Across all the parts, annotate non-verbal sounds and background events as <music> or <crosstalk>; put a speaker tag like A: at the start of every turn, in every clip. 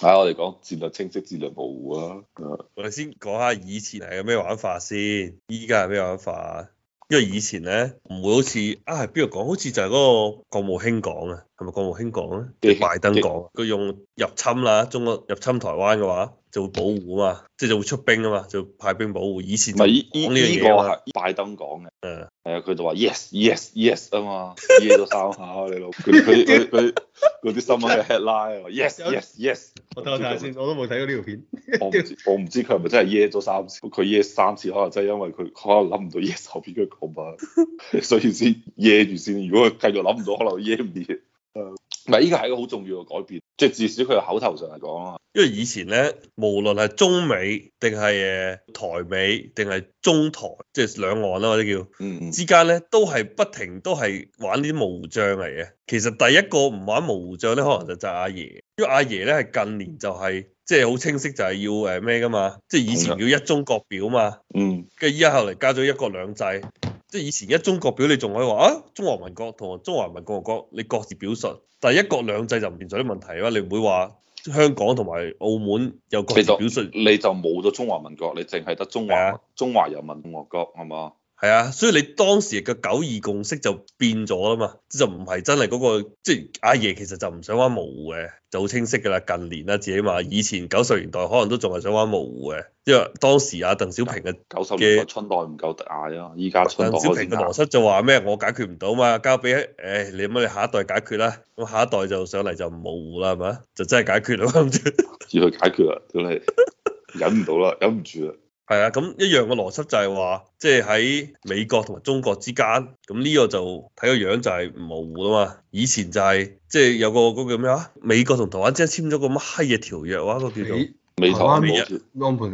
A: 睇，啊、我哋講戰略清晰，戰略模糊啊！我哋先講下以前係個咩玩法先，依家係咩玩法？因為以前咧唔會好似啊，係邊個講？好似就係嗰個國務卿講啊，係咪國務卿講啊？即拜登講佢即用入侵啦，中國入侵台灣嘅話就會保護啊嘛，即係就會出兵啊嘛，就派兵保護。以前呢呢個係、這個、
B: 拜登講嘅。係啊，佢就話 yes yes yes 啊嘛，耶咗三下，你老母佢佢佢啲新聞嘅 headline 啊 <laughs> ，yes yes yes，我睇下先， <laughs> 我都冇睇過呢條片， <laughs> 我唔知我唔知佢係咪真係耶咗三次，佢耶、yeah、三次可能真係因為佢可能諗唔到 yes 後邊嘅講法， <laughs> 所以先耶住先，如果佢繼續諗唔到，可能耶唔完。 <laughs> 唔係，依個係一個好重要嘅改變，即係至少佢口頭上嚟講
A: 啊。因為以前咧，無論係中美定係誒台美定係中台，即係兩岸啦，或者叫嗯之間咧，都係不停都係玩啲模糊仗嚟嘅。其實第一個唔玩模糊仗咧，可能就係阿爺，因為阿爺咧係近年就係即係好清晰就，就係要誒咩㗎嘛，即係以前叫一中各表嘛，嗯，跟住依家後嚟加咗一國兩制。即係以前而家中國表你仲可以話啊，中華民國同中華人民共和國，民國你各自表述，但係一國兩制就唔存在啲問題啊，你唔會話香港同埋澳門
B: 有各自表述，你就冇咗中華民國，你淨係得中華的中華
A: 人民共和國係嘛？係啊，所以你當時嘅九二共識就變咗啦嘛，就唔係真係嗰、那個，即、就、係、是、阿爺其實就唔想玩模糊嘅，就好清晰噶啦。近年啦、啊，至少話以前九十年代可能都仲係想玩模糊嘅，因為當時阿、啊、鄧小平嘅九十年代嘅春代唔夠大啊，依家鄧小平嘅邏輯就話咩？我解決唔到嘛，交俾誒、哎、你乜你下一代解決啦，咁下一代就上嚟就唔模糊啦，係咪？就真係解決啦，要
B: 佢解決啦，真係 <laughs> 忍唔到啦，忍唔住啦。
A: 係啊，咁一樣個邏輯就係話，即係喺美國同埋中國之間，咁呢個就睇個樣就係模糊啊嘛。以前就係、是、即係有個嗰、嗰個叫咩啊？美國同台灣之間簽咗個乜閪嘢條約喎，嗰個叫做美台美日安保。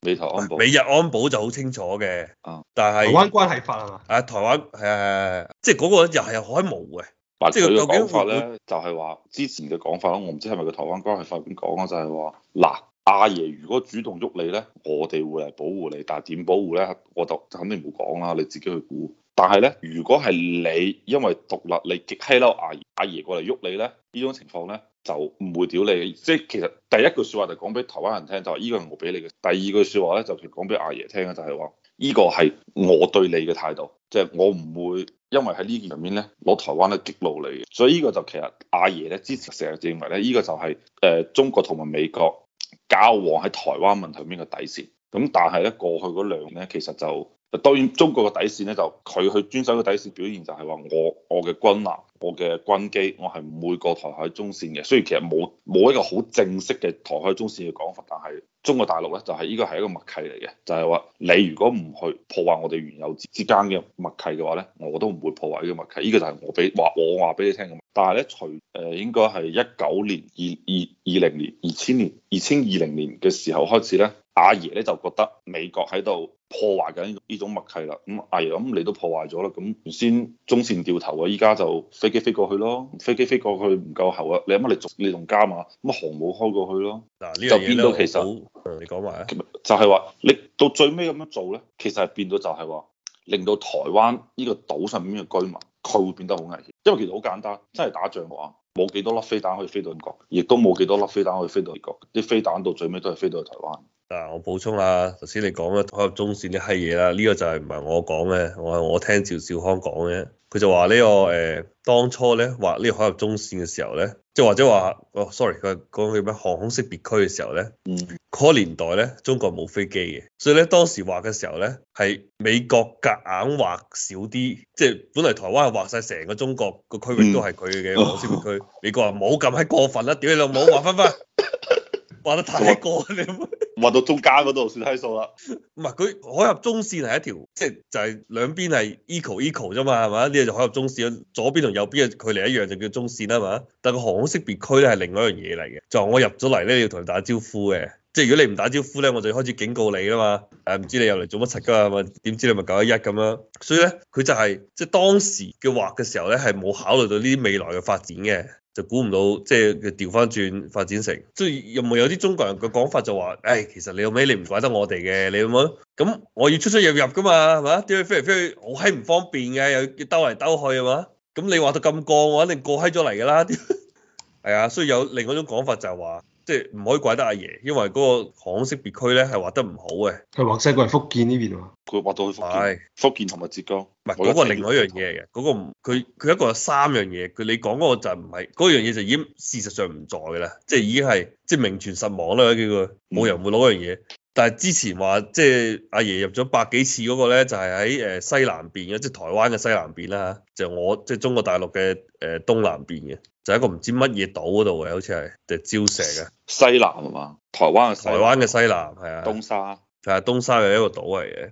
A: 美台安保，美日安保就好清楚嘅。啊，但係是台灣關係法啊嘛。啊，台灣誒、啊，即係嗰個又係海模嘅。
B: 即係究竟會唔會就係話之前嘅講法咯？我唔知係咪個台灣關係法點講啊，就係話嗱。阿爺如果主動喐你咧，我哋會嚟保護你，但係點保護咧，我就就肯定唔會講啦，你自己去估。但係咧，如果係你因為獨立你極氣嬲，阿阿爺過嚟喐你咧，呢種情況咧就唔會屌你嘅。即係其實第一句説話就講俾台灣人聽，就係呢個係我俾你嘅。第二句説話咧就講俾阿爺聽嘅就係話，呢個係我對你嘅態度，即、就、係、是、我唔會因為喺呢件入面咧攞台灣嘅激怒你嘅。所以呢個就其實阿爺咧之前成日認為咧，呢、這個就係、是、誒、呃、中國同埋美國。交往喺台灣問題邊個底線？咁但係咧，過去嗰兩年咧，其實就當然中國嘅底線咧，就佢去遵守個底線表現就係話，我我嘅軍艦、我嘅軍機，我係唔會過台海中線嘅。雖然其實冇冇一個好正式嘅台海中線嘅講法，但係中國大陸咧就係，呢個係一個默契嚟嘅，就係話你如果唔去破壞我哋原有之之間嘅默契嘅話咧，我都唔會破壞呢個默契。呢個就係我俾話我話俾你聽嘅。但係咧，除誒、呃、應該係一九年、二二二零年、二千年、二千二零年嘅時候開始咧，阿爺咧就覺得美國喺度破壞緊呢種默契啦。咁、嗯、阿爺，咁、嗯、你都破壞咗啦。咁、嗯、先中線掉頭啊，依家就飛機飛過去咯。飛機飛過去唔夠喉啊，你乜嚟逐你同加碼？乜、嗯、航母開過去咯。嗱，呢就變到其實，嗯、你講埋啊，就係話你到最尾咁樣做咧，其實係變到就係話，令到台灣呢個島上面嘅居民。佢會變得好危險，因為其實好簡單，真係打仗嘅話，冇幾多粒飛彈可以飛到美國，亦都冇幾多粒飛彈可以飛到美國，啲飛彈到最尾都係飛到去台灣。
A: 嗱，我補充下，頭先你講嘅，睇入中線啲閪嘢啦，呢個就係唔係我講嘅，我係我聽趙少康講嘅。佢就話呢、呢個誒、呃，當初咧畫呢劃個海峽中線嘅時候咧，即係或者話，哦，sorry，佢講叫咩航空識別區嘅時候咧，嗯，嗰年代咧中國冇飛機嘅，所以咧當時畫嘅時候咧係美國夾硬畫少啲，即、就、係、是、本嚟台灣係畫曬成個中國個區域都係佢嘅航空識別區，嗯哦、美國話冇咁閪過分啦、啊，屌你老母，畫翻翻。 <laughs>
B: 畫得太過，你畫到中間嗰度算係數啦。
A: 唔係佢海峽中線係一條，即係就係兩邊係 equal equal 啫嘛，係嘛？呢個就海峽中線，左邊同右邊嘅距離一樣就叫中線啦嘛。但個航空識別區咧係另外一樣嘢嚟嘅，就我入咗嚟咧要同你打招呼嘅，即係如果你唔打招呼咧，我就要開始警告你啦嘛。誒唔知你入嚟做乜柒㗎係嘛？點知你咪九一一咁樣？所以咧佢就係即係當時嘅畫嘅時候咧係冇考慮到呢啲未來嘅發展嘅。就估唔到，即係調翻轉發展成，即係有冇有啲中國人嘅講法就話，誒、哎，其實你後屘你唔怪得我哋嘅，你有冇，咁我要出出入入㗎嘛，係嘛？點解飛嚟飛去，我閪唔方便嘅，又要兜嚟兜去係嘛？咁你話到咁過，我肯定過閪咗嚟㗎啦。係 <laughs> 啊，所以有另外一種講法就係話。即係唔可以怪得阿爺，因為嗰個漢識別區咧係畫得唔好嘅。佢畫西過係福建呢邊啊？
B: 佢畫到好福建、是福建同埋浙江。唔係嗰個另外一樣
A: 嘢嘅，嗰、嗯那個唔佢，佢一個有三樣嘢。佢你講嗰個就唔係嗰樣嘢，就已經事實上唔在㗎啦，
B: 即係已經係即係
A: 名存實亡啦。幾個冇人會攞樣嘢。嗯但係之前話即係阿爺入咗百幾次嗰個咧，就係喺誒西南邊嘅，即、就、係、是、台灣嘅西南邊啦嚇，就是、我即係、就是、中國大陸嘅誒東南邊嘅，就喺、是、一個唔知乜嘢島嗰度嘅，好似係誒礁石嘅西
B: 南係嘛？台灣嘅台灣
A: 嘅西南係啊，東沙係啊，是是東沙嘅一個島嚟嘅。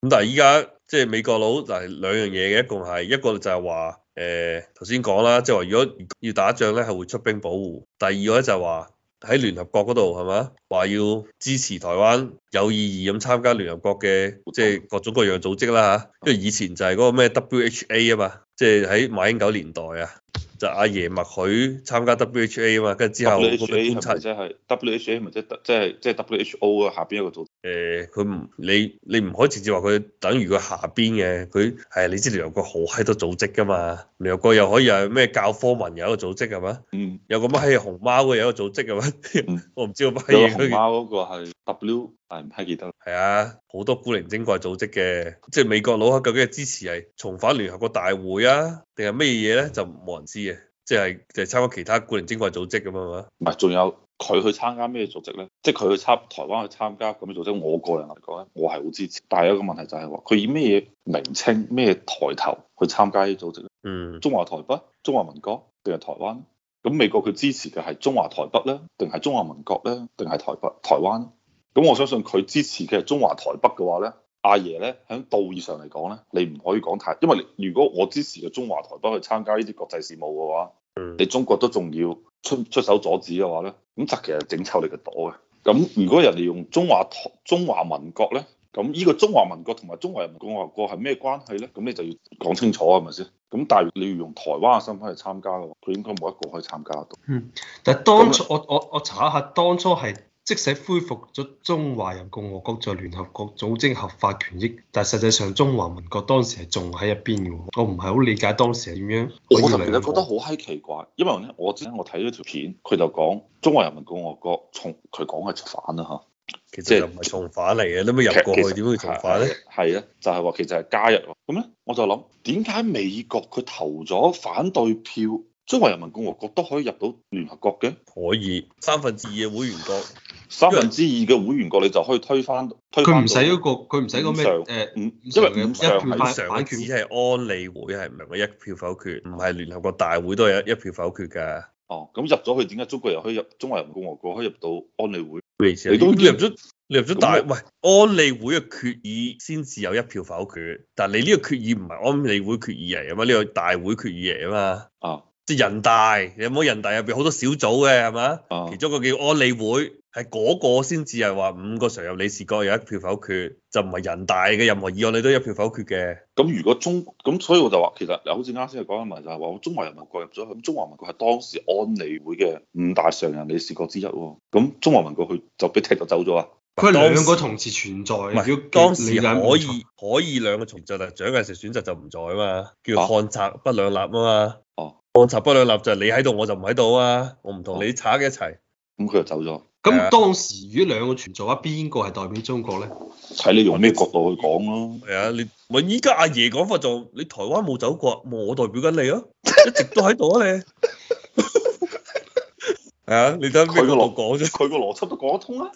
A: 咁但係依家即係美國佬，就係、是、兩樣嘢嘅，一共係、嗯、一個就係話誒頭先講啦，即係話如果要打仗咧，係會出兵保護。第二個咧就係話。喺聯合國嗰度係嘛？話要支持台灣有意義咁參加聯合國嘅，即係各種各樣組織啦吓，因為以前就係嗰個咩 WHA 啊嘛，即係喺馬英九年代啊，就阿爺默許參加 WHA 啊嘛，跟住之後觀
B: 察即係 WHO 啊下邊一個組誒，
A: 佢唔、欸、你你唔可以直接話佢等於佢下邊嘅，佢係、哎、你知聯合國好閪多組織㗎嘛，聯合國又可以係咩教科文有一個組織係嘛，嗯、有個咩熊貓嘅有一個組織係嘛， <laughs> 我唔知有個咩熊貓嗰個係 W，係唔係記得？係啊，好多古靈精怪組織嘅，即係美國佬究竟係支持係重返聯合國大會啊，定係咩嘢咧？就冇人知嘅，即係就係、是、參加其他古靈精怪組織咁㗎嘛。
B: 唔係，仲有。佢去參加咩組織呢？即係佢去參台灣去參加咁嘅組織，我個人嚟講呢，我係好支持。但係有一個問題就係話，佢以咩嘢名稱、咩嘢抬頭去參加呢啲組織呢？嗯。中華台北、中華民國定係台灣？咁美國佢支持嘅係中華台北呢？定係中華民國呢？定係台北、台灣？咁我相信佢支持嘅中華台北嘅話呢，阿爺呢，響道義上嚟講呢，你唔可以講太，因為如果我支持嘅中華台北去參加呢啲國際事務嘅話。嗯、你中國都仲要出出手阻止嘅話咧，咁就其實整臭你個朵嘅。咁如果人哋用中華台中華民國咧，咁呢個中華民國同埋中華人民共和國係咩關係咧？咁你就要講清楚係咪先？咁但係你要用台灣嘅身份去參加嘅話，佢應該冇一個可以參加到。
A: 嗯，但係當初我我我查一下，當初係。即使恢復咗中華人共和國在聯合國組織合法權益，但實際上中華民國當時係仲喺一邊嘅。我唔係好理解當時係點樣。我特別覺得好
B: 閪奇怪，因為咧，我之前我睇咗條片，佢就講中華人民共和國從佢講係重返啦嚇，其實又唔係重返嚟嘅，你咪、就是、入過去點實會重返咧？係啊，就係、是、話其實係加入咁咧。我就諗點解美國佢投咗反對票？中華人民共和國都可以入到聯合國嘅，可以三分之二嘅會員國，三分之二嘅會員國你就可以推翻推佢唔使嗰個佢唔使嗰咩誒唔因為一票否決只係
A: 安理會係唔係一票否決，唔係聯
B: 合國大會都係一票否決噶。哦，咁入咗去點解中國又可以入中華人民共和國可以入到安理會？
A: 你都入
B: 咗，你入咗大喂安理會嘅決議
A: 先至有一票否決，但係你呢個決議唔係安理會決議嚟啊嘛，呢個大會決議嚟啊嘛。啊。即係人大，有冇人大入邊好多小組嘅係嘛？嗯、其中個叫安理會，係嗰個先至係話五個常任理事國有一票否決，就唔係人大嘅
B: 任何議案，你都一票否決嘅。咁、嗯、如果中咁，所以我就話其實嗱，好似啱先講緊咪就係話，中華人民國入咗，咁中華民國係當時安理會嘅五大常任理事國之一喎。咁中華民國佢就俾踢咗走咗啊？佢哋兩個同
A: 時存在，唔係當，當時可以可以兩個存在嘅，蔣介石選擇就唔在啊嘛，叫漢賊不兩立啊嘛。哦、啊。我插不兩立就你喺度我就唔喺度啊！我唔同你插嘅一齊，
B: 咁佢就走咗。咁當
A: 時如果兩個存在話，邊個係代表中國咧？
B: 睇你用咩角度去講咯、
A: 啊。係啊，你咪依家阿爺講法就係、你台灣冇走過，我代表緊你啊，一
B: 直都喺度啊你。係啊，你等佢邊個講啫？佢個邏輯都講得通啊！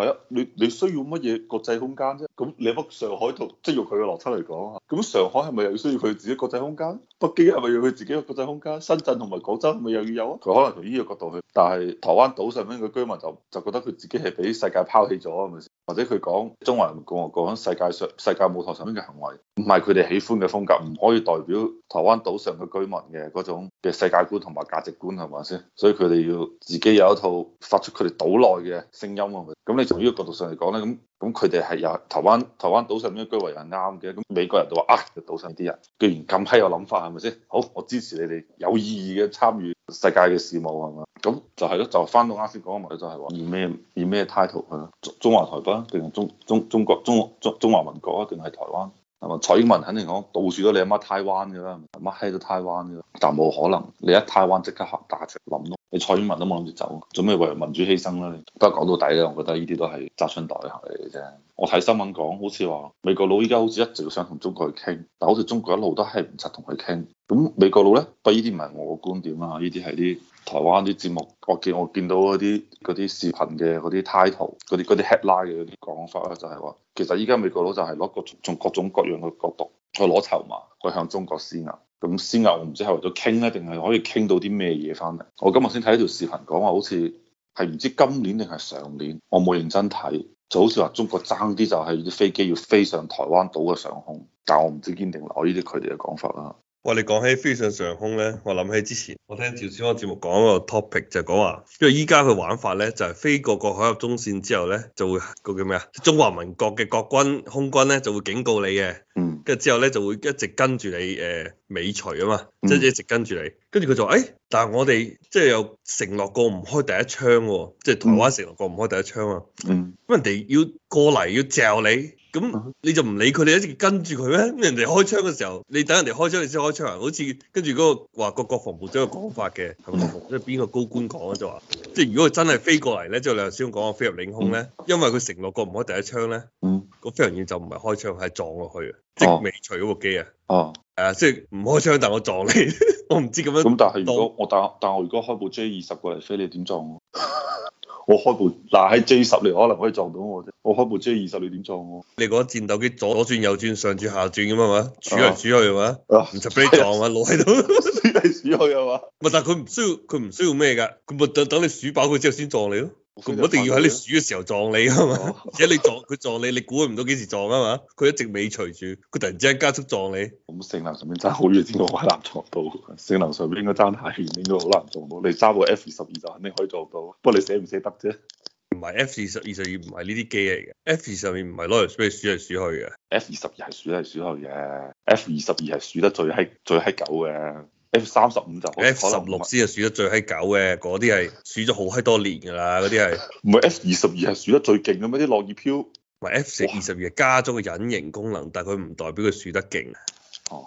B: 係啊，你你需要乜嘢國際空間啫？咁你北上海同即用佢嘅邏輯嚟講嚇，咁上海係咪又要需要佢自己國際空間？北京係咪要佢自己嘅國際空間？深圳同埋廣州咪又要有啊？佢可能從呢個角度去，但係台灣島上邊嘅居民就就覺得佢自己係俾世界拋棄咗，係咪先？或者佢講中華人民共和國喺世界上世界舞台上面嘅行為，唔係佢哋喜歡嘅風格，唔可以代表台灣島上嘅居民嘅嗰種嘅世界觀同埋價值觀係咪先？所以佢哋要自己有一套發出佢哋島內嘅聲音係咪？咁你從呢個角度上嚟講咧，咁。咁佢哋係有台灣台灣島上面嘅居為人啱嘅，咁美國人都話啊、呃，島上啲人居然咁閪有諗法，係咪先？好，我支持你哋有意義嘅參與世界嘅事務係嘛？咁就係、是、咯，就翻到啱先講嘅問題，就係話以咩以咩 title 去中華台北定中中中國中中中華民國啊？定係台灣？係嘛？蔡英文肯定講到處都你阿媽，媽台灣㗎啦，阿媽閪都台灣㗎，但冇可能你一台灣即刻合大戰㗎唔你蔡英文都冇諗住走，做咩為民主犧牲啦？不過講到底咧，我覺得呢啲都係砸錢袋行嚟嘅啫。我睇新聞講，好似話美國佬依家好似一直想同中國去傾，但好似中國一路都係唔柒同佢傾。咁美國佬咧，不過依啲唔係我嘅觀點啊，依啲係啲台灣啲節目，我見我見到嗰啲嗰啲視頻嘅嗰啲 title、嗰啲嗰啲 headline 嘅嗰啲講法啦，就係話其實依家美國佬就係攞個從各種各樣嘅角度去攞籌碼，佢向中國施壓。咁先啊！我唔知係為咗傾呢，定係可以傾到啲咩嘢翻嚟。我今日先睇條視頻，講話好似係唔知今年定係上年，我冇認真睇，就好似話中國爭啲就係啲飛機要飛上台灣島嘅上空，但我唔知堅定攞呢啲佢哋嘅講法啦。
A: 我哋講起飛上上空咧，我諗起之前我聽趙小安節目講個 topic 就講話，因為依家佢玩法咧就係、是、飛過海峽中線之後咧，就會個叫咩啊？中華民國嘅國軍空軍咧就會警告你嘅，跟住之後咧就會一直跟住你誒尾隨啊嘛，即、就、係、是、一直跟住你，跟住佢就話誒、欸，但係我哋即係有承諾過唔開第一槍、啊，即、就、係、是、台灣承諾過唔開第一槍啊，咁、嗯嗯、人哋要過嚟要嚼你。咁你就唔理佢哋一直跟住佢咩？人哋開槍嘅時候，你等人哋開槍，你先開槍啊？好似跟住嗰個話個國防部長嘅講法嘅，係咪？即係邊個高官講就話，即係如果佢真係飛過嚟咧，即係你頭先講話飛入領空咧，嗯、因為佢承諾過唔開第一槍咧，嗯，個飛行員就唔係開槍，
B: 係撞落去，即係尾除嗰部機啊，啊，誒、啊，即係唔開槍，但我撞你， <laughs> 我唔知咁樣。咁但係如果我但但我如果開部 J 二十過嚟飛，你點撞我開部，嗱喺 J 十你可能可以撞到我啫，我開部 J 二十你點撞我？你嗰戰鬥機左左
A: 轉右轉上轉下轉咁啊嘛，鼠來鼠去啊嘛，
B: 唔就俾你撞啊，攞喺度鼠嚟
A: 鼠去啊嘛。唔 <laughs> 但係佢唔需要，佢唔需要咩噶，佢咪等等你鼠飽佢之後先撞你咯。佢唔一定要喺你鼠嘅時候撞你啊嘛，而且你撞佢撞你，你估唔到幾時撞啊嘛。佢一直
B: 尾隨住，佢突然之間加速撞你。性能上面爭好遠先夠好難做到。性能上面，上面應該爭太遠，應該好難做到。你揸部 F 二十二就肯定可以做到，不過你寫唔寫得啫？唔係 F 二十二十二唔係呢啲機嚟嘅。F 二十二唔係 Loris s p a 鼠係鼠去嘅。F 二十二係鼠係鼠後嘅。F 二十二係鼠得最係最閪狗嘅。F 三十五，就 F 十六
A: 先係鼠得最閪狗嘅。嗰啲係鼠咗好閪多年㗎啦，嗰啲係
B: 唔係 F 二十二係鼠得最勁㗎咩？啲落葉飄
A: 唔係 F 二十二加咗個隱形功能，哇但係佢唔代表佢鼠得勁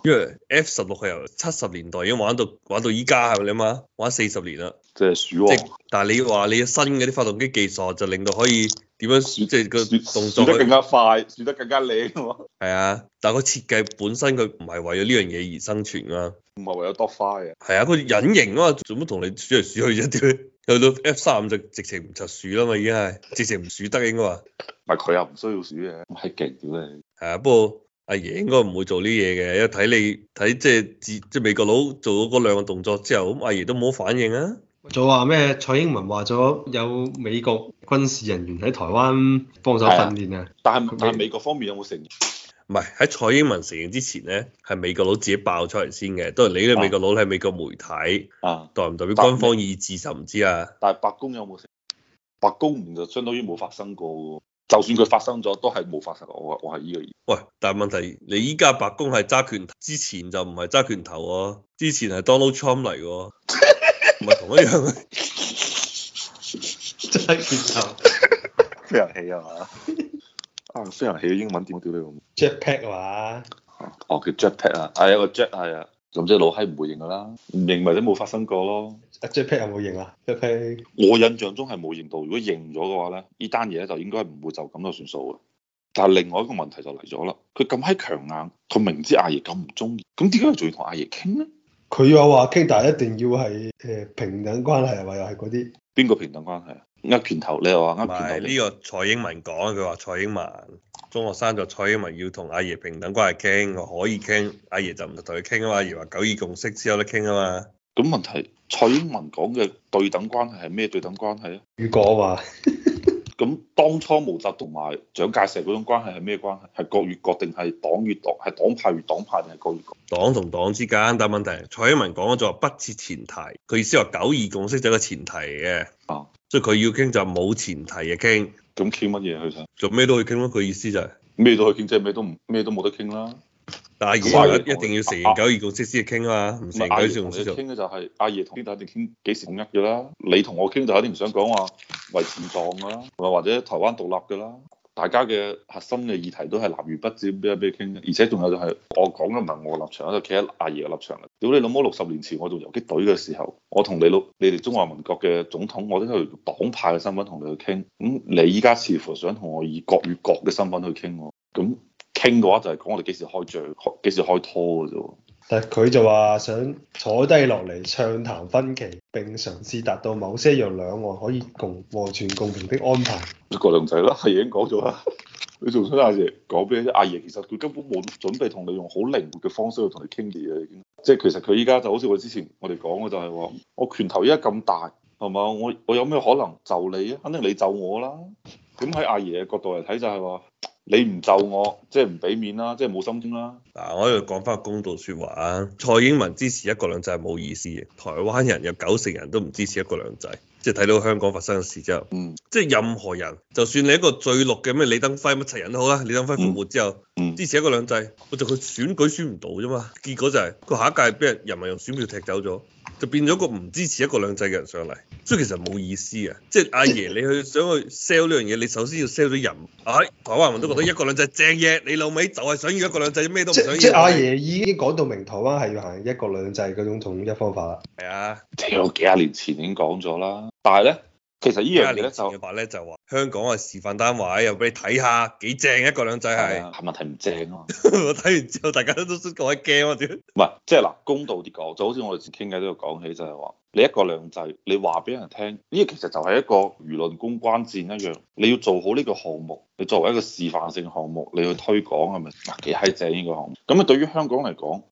A: 因為 F 十六係由七十年代已經玩到玩到依家，係咪你諗下？玩四十年啦。
B: 即係鼠即係，
A: 但係你話你新嘅啲發動機技術就令到可以點樣鼠，即係暑個動作。鼠得更加
B: 快，鼠得更加
A: 靚。係啊，但係個設計本身佢唔係為咗呢樣嘢而生存啊，唔
B: 係為咗多花
A: 嘅。係啊，佢隱形啊嘛，做乜同你鼠嚟鼠去一啲去到 F 三五就直情唔柒鼠啦嘛，已經係直情唔鼠得嘅嘛。應該話，
B: 唔係佢又唔
A: 需要鼠嘅。咁係勁嘅你！係啊，不過。阿爺應該唔會做呢嘢嘅，因為睇你睇即係自即係美國佬做咗嗰兩個動作之後，咁阿爺都冇反應啊。仲話咩？蔡英文話咗有美國軍事人員喺台灣幫手訓練啊。但但係美
B: 國方面有冇承認？
A: 唔係喺蔡英文承認之前咧，係美國佬自己爆出嚟先嘅。都係你呢？美國佬喺美國
B: 媒體啊，啊代唔代表軍方意志就唔知啊。但係白宮有冇承認？白宮唔就相當於冇發生過。就算佢發生咗，都係冇發生。我我係呢個意思。喂，
A: 但係問題，你依家白宮係揸拳頭，之前就唔係揸拳頭喎、啊，之前係 Donald Trump 嚟喎，唔係 <laughs> 同一樣。揸 <laughs> 拳頭飛行器啊嘛？
B: <laughs> <laughs> 啊，飛行器英文點我屌你咁
A: ？Jetpack 啊
B: 嘛？哦，叫 Jetpack 啊，係啊，個 Jet 係啊，總之老閪唔會認噶啦，唔認咪都冇發生過咯。
A: 阿 J P 有冇認啊？J
B: 我印象中係冇認到。如果認咗嘅話咧，呢單嘢咧就應該唔會就咁多算數嘅。但係另外一個問題就嚟咗啦，佢咁閪強硬，佢明知阿爺咁唔中意，咁點解佢仲要同阿爺傾咧？
A: 佢又話傾，但係一定要係誒、呃、平等關係，係咪又係嗰啲？
B: 邊個平等關係？握拳頭，你又話握拳頭。呢、
A: 這個蔡英文講，佢話蔡英文、中學生就蔡英文要同阿爺平等關係傾，可以傾。阿爺就唔同佢傾啊嘛，而話九二共識先有得傾啊嘛。
B: 咁問題，蔡英文講嘅對等關係係咩對等關係啊？如果話咁當初毛澤東同埋蔣介石嗰種關係係咩關係？係國與國定係黨與黨，係黨派與黨派定係國與國？黨同黨之間，但係問題，蔡英文講咗
A: 話，不設前提。佢意思話九二共識就係個前提嘅，啊，所以佢要傾就冇前提嘅傾。咁傾乜嘢佢想？做咩都可以傾咯。佢意思就係咩都可以傾，即係咩都咩都冇得
B: 傾啦。了一定要承認
A: 九二共識先去傾啊嘛，唔係九二
B: 共識就傾嘅就係阿爺同啲人傾幾時統一嘅啦。你同我傾就有啲唔想講話維持狀嘅啦，或者台灣獨立嘅啦。大家嘅核心嘅議題都係南轅北轍，知唔知邊一邊傾。而且仲有就係、是、我講嘅唔係我立場，我係企喺阿爺嘅立場嘅。屌你老母！六十年前我做遊擊隊嘅時候，我同你老你哋中華民國嘅總統，我都係黨派嘅身份同你去傾。咁你依家似乎想同我以國與國嘅身份去傾喎，咁？傾嘅話就係講我哋幾時開仗，幾時開拖嘅啫喎。
A: 但係佢就話想坐低落嚟暢談分歧，並嘗試達到某些樣兩岸可以共和全共同的安排。
B: 一個靚仔啦，係已經講咗啦。 <laughs> 你仲想阿爺講邊？阿爺其實佢根本冇準備同你用好靈活嘅方式去同你傾嘅嘢，已經即係其實佢依家就好似我之前我哋講嘅就係話，我拳頭依家咁大，係嘛？我我有咩可能就你啊？肯定你就我啦。點喺阿爺嘅角度嚟睇就係話。你唔就我，即係唔俾面啦，即係冇心胸啦。
A: 嗱，我喺度講翻公道說話啊。蔡英文支持一國兩制係冇意思嘅。台灣人有九成人都唔支持一國兩制。即係睇到香港發生嘅事之後，嗯，即係任何人，就算你一個最綠嘅咩李登輝乜齊人都好啦，李登輝復活之後，嗯嗯、支持一國兩制，我就去選舉選唔到啫嘛。結果就係佢下一屆俾人人民用選票踢走咗。就變咗個唔支持一國兩制嘅人上嚟，所以其實冇意思啊！即係阿爺你去想去 sell 呢樣嘢，你首先要 sell 咗人，唉、啊，台灣人都覺得一國兩制正嘢，你老尾就係
B: 想要一國兩制，咩都唔想要。即係阿爺
A: 已經講到明，台灣係要行一國兩制嗰種統一方
B: 法啦。係啊，屌幾廿年前已經講咗啦，但係咧。其實呢樣嘢，就話
A: 咧，就話香港嘅示範單位，又俾你睇下幾正一國兩制係係、啊、問題唔正啊！ <laughs> 我睇完之後大家都覺得驚啊！唔係，
B: 即係嗱公道啲講，就好似我哋自傾偈都要講起就係、是、話你一國兩制，你話俾人聽，呢、這個、其實就係一個輿論公關戰一樣，你要做好呢個項目，你作為一個示範性項目，你去推廣係咪？嗱幾閪正呢個項目？咁啊對於香港嚟講。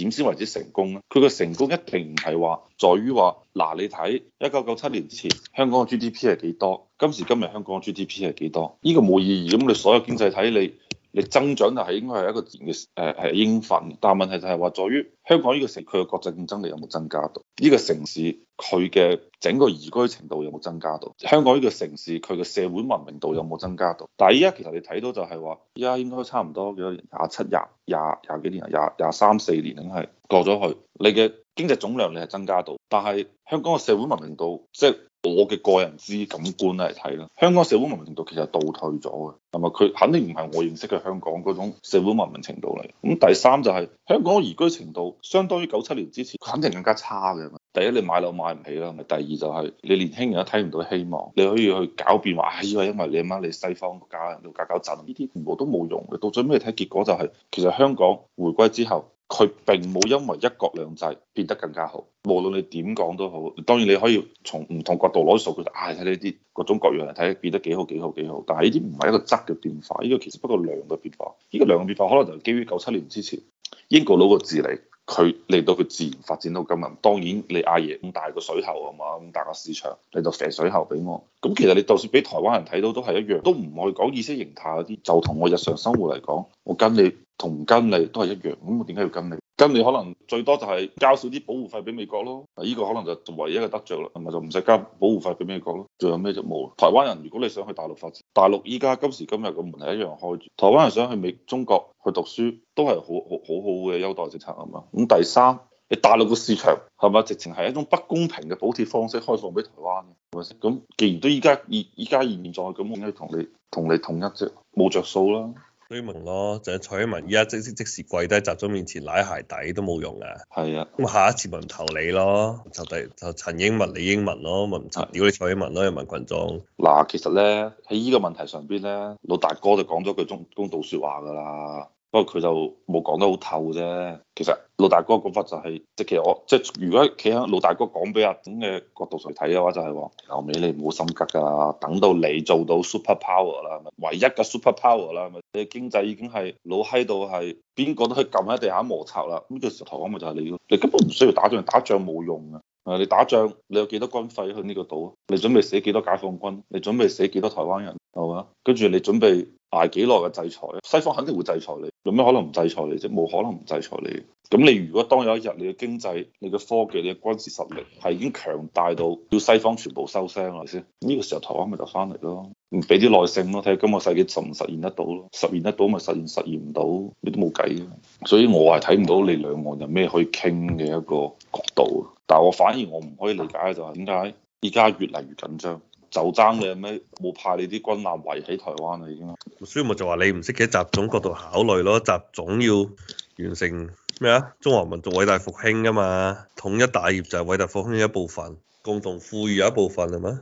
B: 點先為之成功咧？佢個成功一定唔係話在於話嗱，你睇一九九七年前香港嘅 GDP 係幾多？今時今日香港嘅 GDP 係幾多？呢、呢個冇意義。咁你所有經濟體，你你增長就係應該係一個自然嘅誒誒應份。但問題就係話，在於香港呢個城，佢嘅國際競爭力有冇增加到？呢個城市佢嘅整個宜居程度有冇增加到？香港呢個城市佢嘅社會文明度有冇增，增加到？但係依家其實你睇到就係話，依家應該差唔多幾多廿七、廿廿廿幾年、廿廿三、四年已經係過咗去。你嘅經濟總量你係增加到，但係香港嘅社會文明度即係。就是我嘅個人之感觀嚟睇咧，香港社會文明程度其實倒退咗嘅，係咪？佢肯定唔係我認識嘅香港嗰種社會文明程度嚟。咁第三就係、是、香港宜居程度，相當於九七年之前，肯定更加差嘅。第一你買樓買唔起啦，係咪？第二就係、是、你年輕人都睇唔到希望，你可以去狡辯話，哎呀，因為你媽你西方搞人都搞搞震，呢啲全部都冇用。到最尾睇結果就係、是，其實香港回歸之後。佢並冇因為一國兩制變得更加好，無論你點講都好。當然你可以從唔同角度攞啲數據，睇呢啲各種各樣睇變得幾好幾好幾好，但係呢啲唔係一個質嘅變化，呢個其實不過量嘅變化。呢個量嘅變化可能就基於九七年之前英國佬個治理。佢嚟到佢自然發展到今日，當然你阿爺咁大個水喉啊嘛，咁大個市場你就射水喉俾我，咁其實你就算俾台灣人睇到都係一樣，都唔可以講意識形態嗰啲，就同我日常生活嚟講，我跟你同唔跟你都係一樣，咁我點解要跟你？咁你可能最多就係交少啲保護費俾美國咯，呢個可能就唯一嘅得着啦，係咪？就唔使交保護費俾美國咯。仲有咩就冇。台灣人如果你想去大陸發展，大陸依家今時今日嘅門係一樣開住。台灣人想去美中國去讀書都，都係好好好嘅優待政策啊嘛。咁第三，你大陸嘅市場係咪直情係一種不公平嘅補貼方式開放俾台灣嘅？係咪先？咁既然都依家依依家現在咁，我哋同你同你統一啫，冇着數啦。崔文咯，就係蔡英文，
A: 而家即即即時跪低喺集中面前舐鞋底都冇用噶，係啊，咁下一次咪唔投你咯，
B: 就第就陳英文李英文咯，咪唔插如果你蔡英文咯，人民群眾。嗱，其實咧喺呢個問題上邊咧，老大哥就講咗句公道說話噶啦。不過佢就冇講得好透啫。其實老大哥講法就係、是，即係其實我即係如果企喺老大哥講俾阿董嘅角度嚟睇嘅話、就是，就係話老美你唔好心急，噶等到你做到 super power 啦，唯一嘅 super power 啦，你經濟已經係老閪到係邊個都去撳喺地下摩擦啦。咁個時候台灣咪就係你咯，你根本唔需要打仗，打仗冇用嘅。啊，你打仗你有幾多軍費去呢個島？你準備死幾多解放軍？你準備死幾多台灣人係嘛？跟住你準備挨幾耐嘅制裁？西方肯定會制裁你。有咩可能唔制裁你啫？冇可能唔制裁你。咁你如果當有一日你嘅經濟、你嘅科技、你嘅軍事實力係已經強大到要西方全部收聲，係咪先？呢個時候台灣咪就翻嚟咯，唔俾啲耐性咯，睇下今個世紀實唔實現得到咯。實現得到咪實現，實現唔到你都冇計嘅。所以我係睇唔到你兩岸有咩可以傾嘅一個角度。但係我反而我唔可以理解就係點解依家越嚟越緊張。就爭你咩？冇派你啲軍艦圍喺台灣啦，已
A: 經。所以咪就話你唔識喺習總角度考慮咯，習總要完成咩啊？中華民族偉大復興啊嘛，統一大業就係偉大復興嘅一部分，共同富裕嘅一部分係嘛？